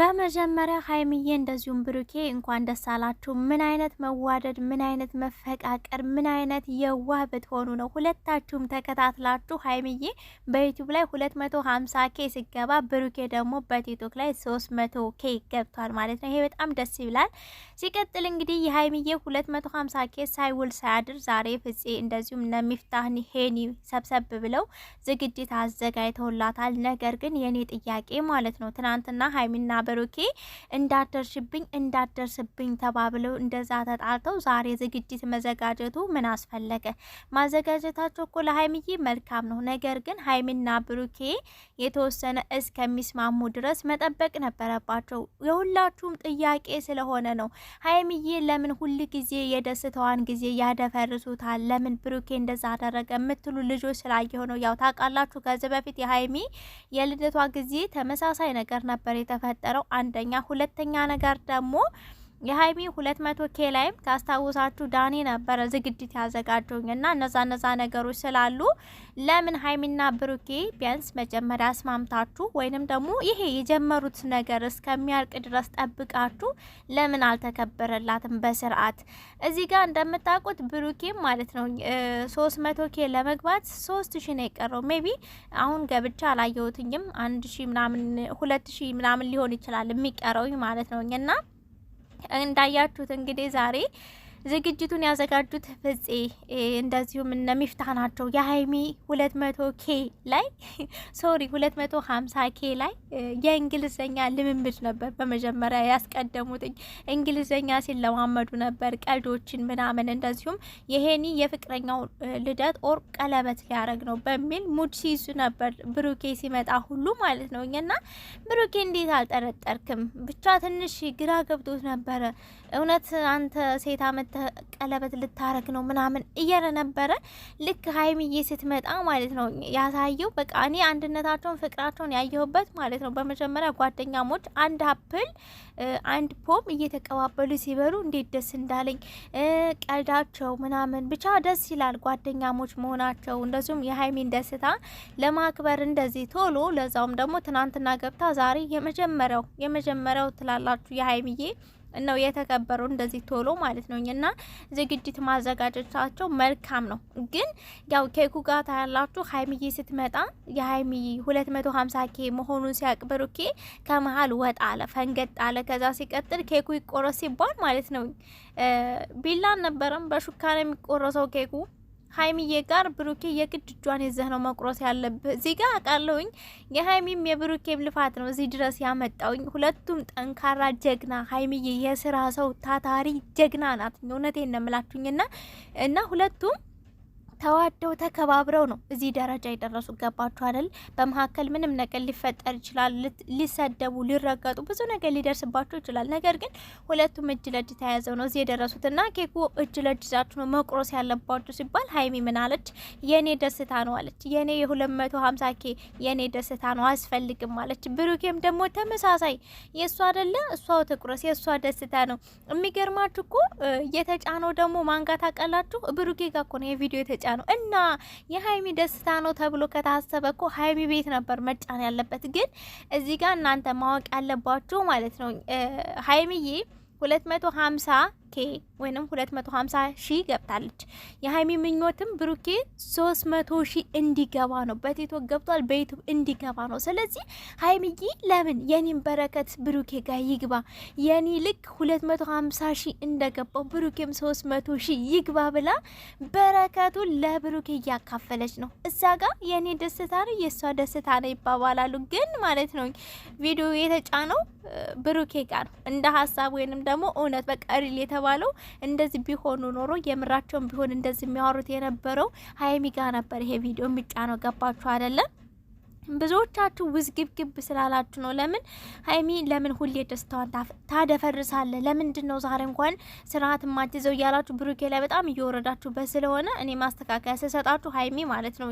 በመጀመሪያ ሀይሚዬ እንደዚሁም ብሩኬ እንኳን ደስ አላችሁ። ምን አይነት መዋደድ፣ ምን አይነት መፈቃቀር፣ ምን አይነት የዋህ ብትሆኑ ነው ሁለታችሁም ተከታትላችሁ። ሀይሚዬ በዩቲዩብ ላይ ሀምሳ ኬ ሲገባ ብሩኬ ደግሞ በቲክቶክ ላይ መቶ ኬ ገብቷል ማለት ነው። ይሄ በጣም ደስ ይብላል። ሲቀጥል እንግዲህ የሀይሚዬ ሀምሳ ኬ ሳይውል ሳያድር ዛሬ ፍፄ እንደዚሁም ነሚፍታህኒ ሄኒ ሰብሰብ ብለው ዝግጅት አዘጋጅተውላታል። ነገር ግን የኔ ጥያቄ ማለት ነው ትናንትና ሀይሚና ብሩኬ እንዳደርሽብኝ እንዳደርስብኝ ተባብለው እንደዛ ተጣልተው ዛሬ ዝግጅት መዘጋጀቱ ምን አስፈለገ? ማዘጋጀታቸው እኮ ለሀይምዬ መልካም ነው። ነገር ግን ሀይሚና ብሩኬ የተወሰነ እስከሚስማሙ ድረስ መጠበቅ ነበረባቸው። የሁላችሁም ጥያቄ ስለሆነ ነው። ሀይምዬ ለምን ሁል ጊዜ የደስታዋን ጊዜ ያደፈርሱታል? ለምን ብሩኬ እንደዛ አደረገ የምትሉ ልጆች ስላየሁ ነው። ያው ታውቃላችሁ፣ ከዚህ በፊት የሀይሚ የልደቷ ጊዜ ተመሳሳይ ነገር ነበር የተፈጠረው። የነበረው አንደኛ። ሁለተኛ ነገር ደግሞ የሀይሚ ሁለት መቶ ኬ ላይም ካስታውሳችሁ ዳኔ ነበረ ዝግጅት ያዘጋጀውኝ እና እነዛ እነዛ ነገሮች ስላሉ ለምን ሀይሚና ብሩኬ ቢያንስ መጀመሪያ አስማምታችሁ ወይንም ደግሞ ይሄ የጀመሩት ነገር እስከሚያልቅ ድረስ ጠብቃችሁ ለምን አልተከበረላትም በስርዓት እዚህ ጋር እንደምታውቁት ብሩኬም ማለት ነው ሶስት መቶ ኬ ለመግባት ሶስት ሺ ነው የቀረው ሜቢ አሁን ገብቻ አላየሁትኝም አንድ ሺ ምናምን ሁለት ሺ ምናምን ሊሆን ይችላል የሚቀረውኝ ማለት ነው እና እንዳያችሁት እንግዲህ ዛሬ ዝግጅቱን ያዘጋጁት ፍፄ እንደዚሁም እነ ናቸው። የሀይሚ ሁለት መቶ ኬ ላይ ሶሪ ሁለት መቶ ሀምሳ ኬ ላይ የእንግሊዝኛ ልምምድ ነበር። በመጀመሪያ ያስቀደሙትኝ እንግሊዝኛ ሲለማመዱ ነበር፣ ቀልዶችን ምናምን። እንደዚሁም የሄኒ የፍቅረኛው ልደት ኦር ቀለበት ሊያደረግ ነው በሚል ሙድ ሲይዙ ነበር። ብሩኬ ሲመጣ ሁሉ ማለት ነው እና ብሩኬ እንዴት አልጠረጠርክም? ብቻ ትንሽ ግራ ገብቶት ነበረ። እውነት አንተ ሴት አመት ቀለበት ልታረግ ነው ምናምን እያለ ነበረ። ልክ ሀይሚዬ ስትመጣ ማለት ነው ያሳየው። በቃ እኔ አንድነታቸውን ፍቅራቸውን ያየሁበት ማለት ነው። በመጀመሪያ ጓደኛሞች አንድ አፕል አንድ ፖም እየተቀባበሉ ሲበሉ እንዴት ደስ እንዳለኝ ቀልዳቸው ምናምን ብቻ ደስ ይላል። ጓደኛሞች መሆናቸው እንደዚሁም የሀይሚን ደስታ ለማክበር እንደዚህ ቶሎ ለዛውም ደግሞ ትናንትና ገብታ ዛሬ የመጀመሪያው የመጀመሪያው ትላላችሁ የሀይሚዬ ነው የተከበሩ እንደዚህ ቶሎ ማለት ነው እና ዝግጅት ማዘጋጀታቸው መልካም ነው። ግን ያው ኬኩ ጋር ታያላችሁ ሀይሚዬ ስትመጣ የሀይሚዬ 250 ኬ መሆኑን ሲያቅብሩ ኬ ከመሀል ወጣ አለ፣ ፈንገጥ አለ። ከዛ ሲቀጥል ኬኩ ይቆረስ ሲባል ማለት ነው ቢላን ነበረም በሹካን የሚቆረሰው ኬኩ ሀይሚዬ ጋር ብሩኬ የግድ እጇን ይዘህ ነው መቁረስ ያለብህ። እዚህ ጋር አውቃለሁኝ የሀይሚም የብሩኬም ልፋት ነው እዚህ ድረስ ያመጣውኝ። ሁለቱም ጠንካራ ጀግና፣ ሀይሚዬ የስራ ሰው ታታሪ ጀግና ናት። እውነቴን ነው እና ሁለቱም ተዋደው ተከባብረው ነው እዚህ ደረጃ የደረሱ። ገባችሁ አይደል? በመካከል ምንም ነገር ሊፈጠር ይችላል። ሊሰደቡ፣ ሊረገጡ፣ ብዙ ነገር ሊደርስባቸው ይችላል። ነገር ግን ሁለቱም እጅ ለእጅ ተያያዘው ነው እዚህ የደረሱት እና ኬኩ እጅ ለእጅ ይዛችሁ ነው መቁረስ ያለባችሁ ሲባል ሀይሚ ምን አለች? የኔ ደስታ ነው አለች። የኔ መቶ ሀምሳ ኬ የእኔ ደስታ ነው አስፈልግም አለች። ብሩኬም ደግሞ ተመሳሳይ የእሱ አይደለ እሷው ትቁረስ፣ የእሷ ደስታ ነው። የሚገርማችሁ እኮ የተጫነው ደግሞ ማንጋት ቀላችሁ ብሩኬ ጋር እኮ ነው የቪዲዮ የተጫ ነው እና የሀይሚ ደስታ ነው ተብሎ ከታሰበ እኮ ሀይሚ ቤት ነበር መጫን ያለበት። ግን እዚህ ጋር እናንተ ማወቅ ያለባችሁ ማለት ነው ሀይሚዬ ሁለት መቶ ሀምሳ ኬ ወይም 250 ሺህ ገብታለች። የሀይሚ ምኞትም ብሩኬ 300 ሺህ እንዲገባ ነው። በቲክቶክ ገብቷል፣ በዩቱብ እንዲገባ ነው። ስለዚህ ሀይሚዬ ለምን የኔን በረከት ብሩኬ ጋር ይግባ። የኔ ልክ 250 ሺህ እንደገባው ብሩኬም 300 ሺህ ይግባ ብላ በረከቱን ለብሩኬ እያካፈለች ነው። እዛ ጋር የኔ ደስታ ነው የእሷ ደስታ ነው ይባባላሉ። ግን ማለት ነው ቪዲዮ የተጫነው ብሩኬ ጋር ነው እንደ ሀሳብ ወይንም ደግሞ እውነት በቃ የተባለው እንደዚህ ቢሆኑ ኖሮ የምራቸውን ቢሆን እንደዚህ የሚያወሩት የነበረው ሀይሚ ጋ ነበር ይሄ ቪዲዮ የሚጫነው። ገባችሁ አይደለም? ብዙዎቻችሁ ውዝግብግብ ስላላችሁ ነው። ለምን ሀይሚ ለምን ሁሌ ደስታዋን ታደፈርሳለ? ለምንድን ነው ዛሬ እንኳን ስርዓት ማትይዘው እያላችሁ ብሩኬ ላይ በጣም እየወረዳችሁ ስለሆነ እኔ ማስተካከያ ስሰጣችሁ ሀይሚ ማለት ነው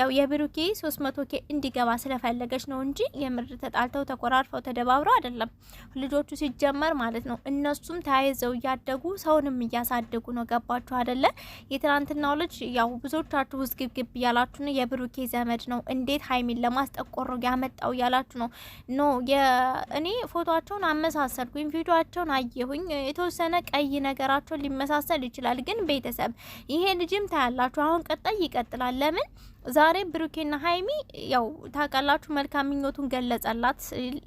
ያው የብሩኬ ሶስት መቶ ኬ እንዲገባ ስለፈለገች ነው እንጂ የምር ተጣልተው ተኮራርፈው ተደባብረው አይደለም። ልጆቹ ሲጀመር ማለት ነው እነሱም ተያይዘው እያደጉ ሰውንም እያሳደጉ ነው። ገባችሁ አይደለ? የትናንትናው ልጅ ያው ብዙዎቻችሁ ውዝግብግብ እያላችሁ ነው የብሩኬ ዘመድ ነው እንዴት ሀይሚን ለማ ማስጠቆር ያመጣው እያላችሁ ነው። ኖ እኔ ፎቶቸውን አመሳሰልኩኝ፣ ቪዲዮቸውን አየሁኝ። የተወሰነ ቀይ ነገራቸውን ሊመሳሰል ይችላል። ግን ቤተሰብ ይሄ ልጅም ታያላችሁ። አሁን ቀጣይ ይቀጥላል። ለምን ዛሬ ብሩኬና ሀይሚ ያው ታውቃላችሁ፣ መልካም ምኞቱን ገለጸላት።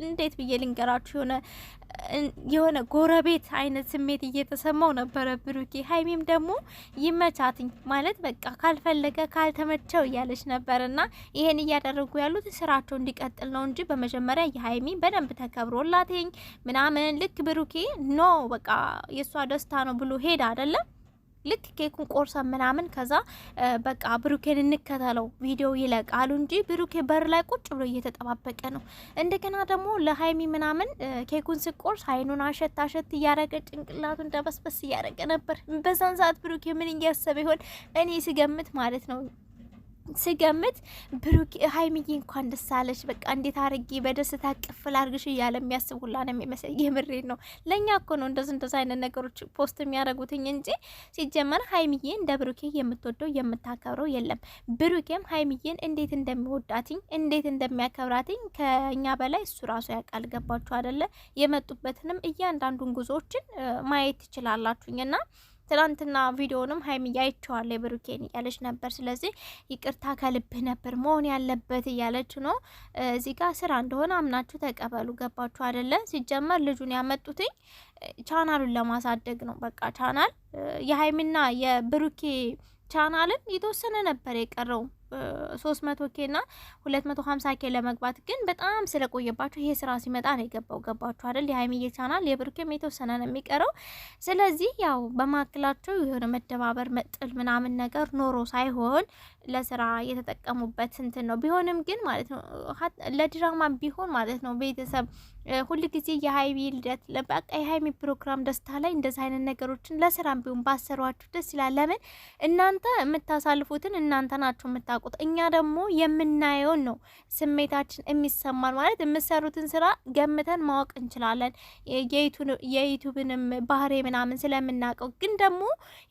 እንዴት ብዬ ልንገራችሁ? የሆነ የሆነ ጎረቤት አይነት ስሜት እየተሰማው ነበረ ብሩኬ። ሀይሚም ደግሞ ይመቻትኝ ማለት በቃ ካልፈለገ ካልተመቸው እያለች ነበርና ይሄን እያደረጉ ያሉት ስራቸው እንዲቀጥል ነው እንጂ በመጀመሪያ የሀይሚ በደንብ ተከብሮላትኝ ምናምን ልክ ብሩኬ ኖ በቃ የእሷ ደስታ ነው ብሎ ሄድ አይደለም ልክ ኬኩን ቆርሳ ምናምን ከዛ በቃ ብሩኬን እንከተለው ቪዲዮ ይለቃሉ እንጂ ብሩኬ በር ላይ ቁጭ ብሎ እየተጠባበቀ ነው። እንደገና ደግሞ ለሀይሚ ምናምን ኬኩን ስቆርስ አይኑን አሸት አሸት እያረገ ጭንቅላቱን ደበስበስ እያረገ ነበር። በዛን ሰዓት ብሩኬ ምን እያሰበ ይሆን? እኔ ስገምት ማለት ነው ስገምት ብሩክ ሀይሚዬ እንኳን ደስ አለሽ፣ በቃ እንዴት አርጌ በደስታ ቅፍል አርግሽ እያለ የሚያስብ ሁላ ነው የሚመስል። የምሬን ነው። ለእኛ እኮ ነው እንደዚ እንደዚ አይነት ነገሮች ፖስት የሚያደርጉትኝ እንጂ ሲጀመር ሀይሚዬ እንደ ብሩኬ የምትወደው የምታከብረው የለም። ብሩኬም ሀይሚዬን እንዴት እንደሚወዳትኝ እንዴት እንደሚያከብራትኝ ከእኛ በላይ እሱ ራሱ ያውቃል። ገባችሁ አደለ? የመጡበትንም እያንዳንዱን ጉዞዎችን ማየት ትችላላችሁኝ እና ትናንትና ቪዲዮንም ሀይም አይቼዋለሁ የብሩኬን እያለች ነበር። ስለዚህ ይቅርታ ከልብህ ነበር መሆን ያለበት እያለች ነው። እዚህ ጋር ስራ እንደሆነ አምናችሁ ተቀበሉ። ገባችሁ አይደለ? ሲጀመር ልጁን ያመጡትኝ ቻናሉን ለማሳደግ ነው። በቃ ቻናል የሀይሚና የብሩኬ ቻናልን የተወሰነ ነበር የቀረው ሶስት መቶ ኬ ና ሁለት መቶ ሀምሳ ኬ ለመግባት ግን በጣም ስለቆየባችሁ ይሄ ስራ ሲመጣ ነው የገባው። ገባችሁ አይደል? የሀይሚዬ ቻናል የብሩኬም የተወሰነ ነው የሚቀረው። ስለዚህ ያው በማክላቸው የሆነ መደባበር መጥል ምናምን ነገር ኖሮ ሳይሆን ለስራ የተጠቀሙበት እንትን ነው። ቢሆንም ግን ማለት ነው ለድራማ ቢሆን ማለት ነው ቤተሰብ ሁል ጊዜ የሀይሚ ልደት በቃ የሀይሚ ፕሮግራም ደስታ ላይ እንደዚህ አይነት ነገሮችን ለስራም ቢሆን ባሰሯችሁ ደስ ይላል። ለምን እናንተ የምታሳልፉትን እናንተ ናቸው የምታውቁት፣ እኛ ደግሞ የምናየውን ነው ስሜታችን የሚሰማን። ማለት የምሰሩትን ስራ ገምተን ማወቅ እንችላለን የዩቱብንም ባህሪ ምናምን ስለምናውቀው። ግን ደግሞ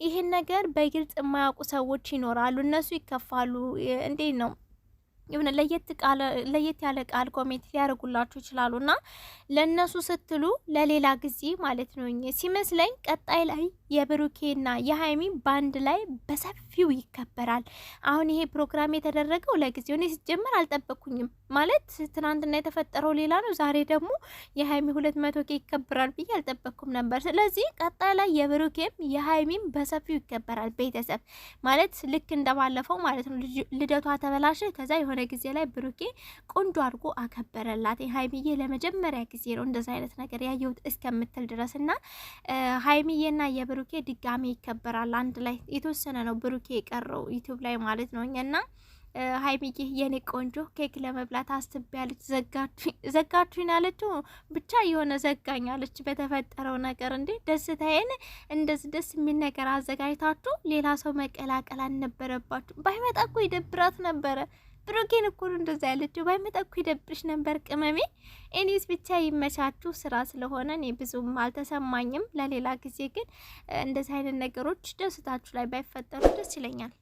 ይህን ነገር በግልጽ የማያውቁ ሰዎች ይኖራሉ። እነሱ ይከፋ ይንሳፈፋሉ። እንዴት ነው የሆነ ለየት ያለ ቃል ኮሜንት ሊያደርጉላችሁ ይችላሉ እና ለእነሱ ስትሉ ለሌላ ጊዜ ማለት ነው ሲመስለኝ ቀጣይ ላይ የብሩኬና የሀይሚ ባንድ ላይ በሰፊው ይከበራል። አሁን ይሄ ፕሮግራም የተደረገው ለጊዜው እኔ ሲጀመር አልጠበቅኩኝም። ማለት ትናንትና የተፈጠረው ሌላ ነው፣ ዛሬ ደግሞ የሀይሚ ሁለት መቶ ኬ ይከበራል ብዬ አልጠበቅኩም ነበር። ስለዚህ ቀጣይ ላይ የብሩኬም የሀይሚም በሰፊው ይከበራል። ቤተሰብ ማለት ልክ እንደባለፈው ማለት ነው ልደቷ ተበላሸ ከዛ የሆነ በነበረ ጊዜ ላይ ብሩኬ ቆንጆ አድርጎ አከበረላት። ሀይሚዬ ለመጀመሪያ ጊዜ ነው እንደዚ አይነት ነገር ያየሁት እስከምትል ድረስ እና ሀይሚዬና የብሩኬ ድጋሚ ይከበራል አንድ ላይ የተወሰነ ነው ብሩኬ የቀረው ዩቲዩብ ላይ ማለት ነው እና ሀይሚዬ የኔ ቆንጆ ኬክ ለመብላት አስብ ያለች ዘጋችሁኝ አለችው። ብቻ የሆነ ዘጋኝ አለች በተፈጠረው ነገር። እንዴ ደስታዬን እንደዚ ደስ የሚል ነገር አዘጋጅታችሁ ሌላ ሰው መቀላቀል አልነበረባችሁ። ባይመጣ እኮ ይደብራት ነበረ። ብሩኬን እኮ ነው እንደዛ ያለችው። ባይመጣ መጠኩ ይደብርሽ ነበር ቅመሜ። እኔስ ብቻ ይመቻችሁ። ስራ ስለሆነ እኔ ብዙም አልተሰማኝም። ለሌላ ጊዜ ግን እንደዚህ አይነት ነገሮች ደስታችሁ ላይ ባይፈጠሩ ደስ ይለኛል።